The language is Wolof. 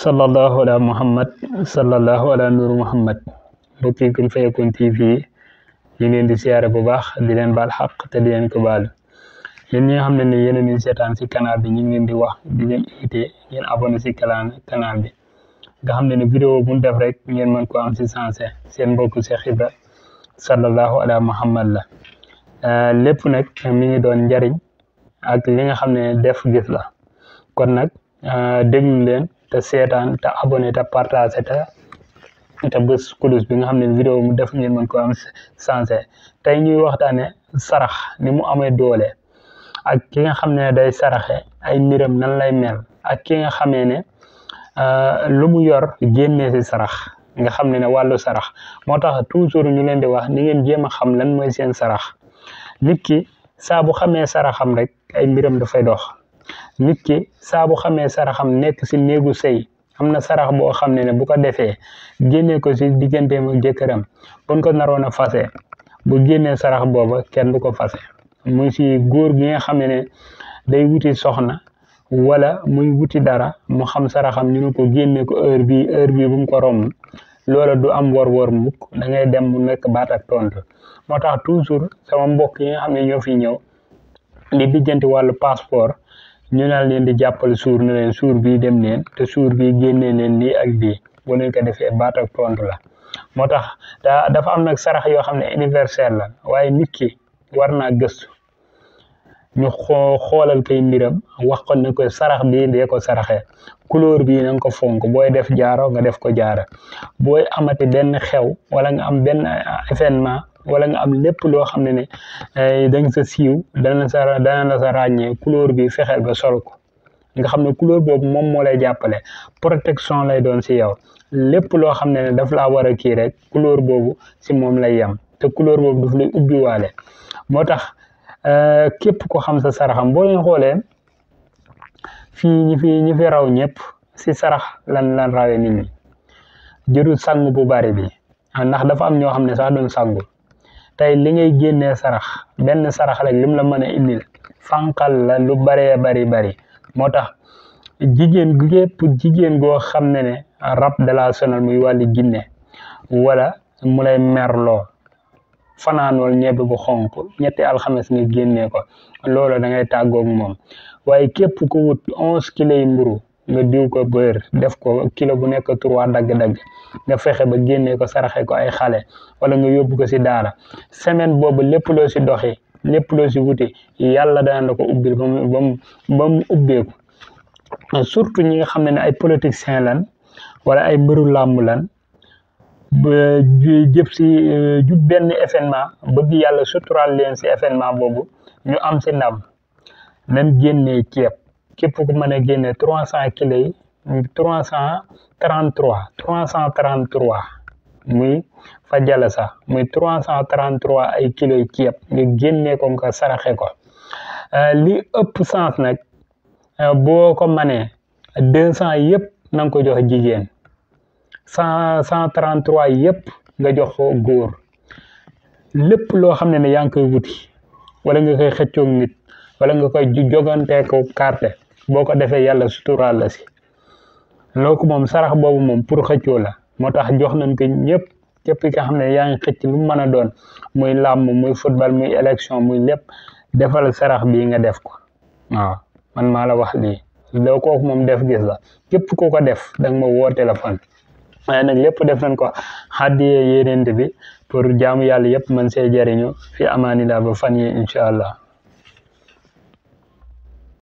sallallahu ala muhammad sallallahu ala nuru muhammad mbokki Kun Fayakoun TV ñu ngi leen di siyaare bu baax di leen baal xaq te di leen ko baal yéen nga xam ne ni yéen a seetaan si canal bi ñu ngi leen di wax di leen invité ngeen abonné si bi nga xam ne ni bu def rek ngeen mën ko am si sensé seen mbokk Cheikh Ibra sallallahu ala muhammad la euh, lépp nag mi ngi doon njariñ ak li nga xam ne def gis la kon nag euh, déglu leen te seetaan te abonné te partagé te te kulus bi nga xam ne vidéo mu def ngeen mën ko am sensé tey ñuy waxtaane sarax ni mu amee doole ak ki nga xam ne day saraxe ay mbiram nan lay mel ak ki nga xamee ne euh, lu mu yor génnee si sarax nga xam ne ne wàllu sarax moo tax toujours ñu leen di wax ni ngeen jéem a xam lan mooy seen sarax nit ki saa bu xamee saraxam rek ay mbiram dafay dox nit ki saa bu xamee saraxam nekk si néegu sëy am na sarax boo xam ne ne bu ko defee génnee ko si digganteem ak jëkkëram buñ ko naroon a fase bu génnee sarax booba kenn du ko fase muy si góor gi nga xam ne ne day wuti soxna wala muy wuti dara mu xam saraxam ñu ne ko génnee ko heure bi heure bi bu mu ko romb loola du am wor-wor mukk da ngay dem mu nekk baat ak tontu moo tax toujours sama mbokk yi nga xam ne ñoo fi ñëw di bijjanti wàllu passeport ñu naan leen di jàppal suur na leen suur bii dem leen te suur bi génnee neen lii ak lii boo leen ko defee baat ak la moo tax daa dafa am nag sarax yoo xam ne universel la waaye nit ki war naa gëstu ñu xoo xoolal kay mbiram wax ko ne ko sarax bi dee ko saraxee couleur bii na nga ko fonk booy def jaaro nga def ko jaara booy amati benn xew wala nga am benn ah, événement wala nga am lépp loo xam ne ne eh, dañ sa siiw dana sa dana la sa ràññee couleur bi fexeel ba sol ko nga xam ne couleur boobu moom moo lay jàppale protection lay doon si yow lépp loo xam ne ne daf laa war a kii rek couleur boobu si moom lay yem te couleur boobu daf lay ubbiwaale moo tax Euh, képp ko xam sa saraxam boo leen xoolee fii ñi fi ñi fi raw ñépp si sarax lan lan rawee nit ñi jërul sang bu bari bi ah, ndax dafa am ñoo xam ne sax duñ sangu tey li ngay génnee sarax benn sarax rek lim la mën a indil fànqal la lu baree bari bari moo tax jigéen gépp jigéen goo xam ne ne rab da la sonal muy wàllu jinne wala mu lay merloo fanaanool ñebe bu xonq ñetti alxames nga génnee ko loolu da ngay tàggoog moom waaye képp ku wut onze kilo yi mburu nga diw ko bër def ko kilo bu nekk trois dagg-dagg nga fexe ba génnee ko saraxe ko ay xale wala nga yóbbu ko ci daara semaine boobu lépp loo si doxi lépp loo ci wuti yàlla dana la ko ubbil ba mu ba mu surtout ñi nga xam ne ne ay politiciens lan wala ay mbiru làmb lan jëf si euh, ju benn événement bëgg yàlla suturaal leen si événement boobu ñu am si naam même génnee ceeb képp ku mën a génne trois cent kilos yi trois cent trente muy fajala sax muy trois cent trois ay kilos yi ceeb nga génnee ko nga saraxe ko euh, li ëpp sens nag euh, boo ko manee deux cent yëpp na nga ko jox jigéen cent cent trente trois yëpp nga jox ko góor lépp loo xam ne ne yaa ngi koy wuti wala nga koy xëccoog nit wala nga koy joganteeku carte boo ko defee yàlla suturaal la si looku moom sarax boobu moom pour xëcco la moo tax jox nañ ko ñëpp képp ki nga xam ne yaa ngi xëcc lu mu mën a doon muy làmb muy football muy élection muy lépp defal sarax bii nga def ko waaw man maa la wax lii loo kooku moom def gis la képp koo ko def danga ma woo téléphone waaye nag lépp def nañ ko xaddiyee yéenente bi pour jaamu yàlla yëpp man see jariñu fi amaanilaa ba fan yi incha allah